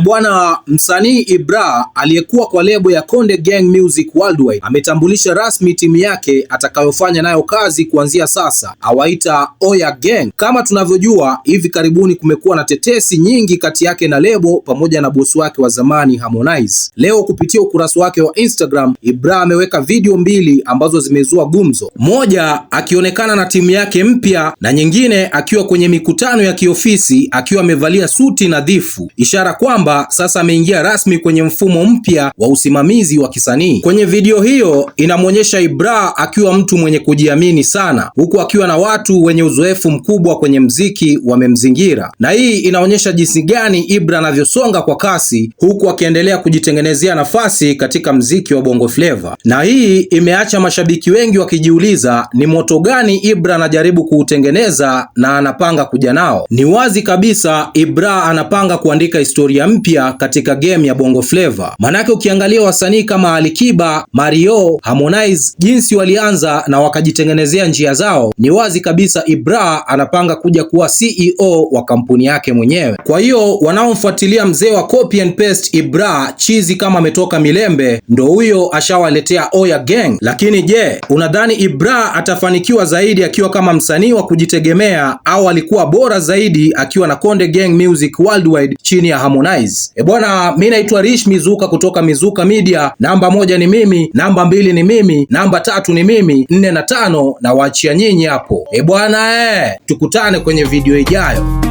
Bwana msanii Ibra aliyekuwa kwa lebo ya Konde Gang Music Worldwide ametambulisha rasmi timu yake atakayofanya nayo kazi kuanzia sasa, awaita Oya Gang. Kama tunavyojua, hivi karibuni kumekuwa na tetesi nyingi kati yake na lebo pamoja na bosi wake wa zamani Harmonize. Leo kupitia ukurasa wake wa Instagram, Ibra ameweka video mbili ambazo zimezua gumzo, moja akionekana na timu yake mpya na nyingine akiwa kwenye mikutano ya kiofisi akiwa amevalia suti nadhifu, ishara kwamba kwamba sasa ameingia rasmi kwenye mfumo mpya wa usimamizi wa kisanii. Kwenye video hiyo inamwonyesha Ibra akiwa mtu mwenye kujiamini sana, huku akiwa na watu wenye uzoefu mkubwa kwenye mziki wamemzingira, na hii inaonyesha jinsi gani Ibra anavyosonga kwa kasi, huku akiendelea kujitengenezea nafasi katika mziki wa Bongo Flava, na hii imeacha mashabiki wengi wakijiuliza ni moto gani Ibra anajaribu kuutengeneza na anapanga kuja nao. Ni wazi kabisa Ibra anapanga kuandika historia mpya katika game ya Bongo Flava. Manake ukiangalia wasanii kama Alikiba, Mario, Harmonize jinsi walianza na wakajitengenezea njia zao, ni wazi kabisa Ibra anapanga kuja kuwa CEO wa kampuni yake mwenyewe. Kwa hiyo wanaomfuatilia mzee wa copy and paste Ibra chizi kama ametoka Milembe, ndo huyo ashawaletea Oya Gang. Lakini je, unadhani Ibra atafanikiwa zaidi akiwa kama msanii wa kujitegemea au alikuwa bora zaidi akiwa na Konde Gang Music Worldwide chini ya Harmonize? guys. E bwana, mi naitwa Rish Mizuka kutoka Mizuka Media. Namba moja ni mimi, namba mbili ni mimi, namba tatu ni mimi, nne na tano na waachia nyinyi hapo. E bwana, eh, tukutane kwenye video ijayo.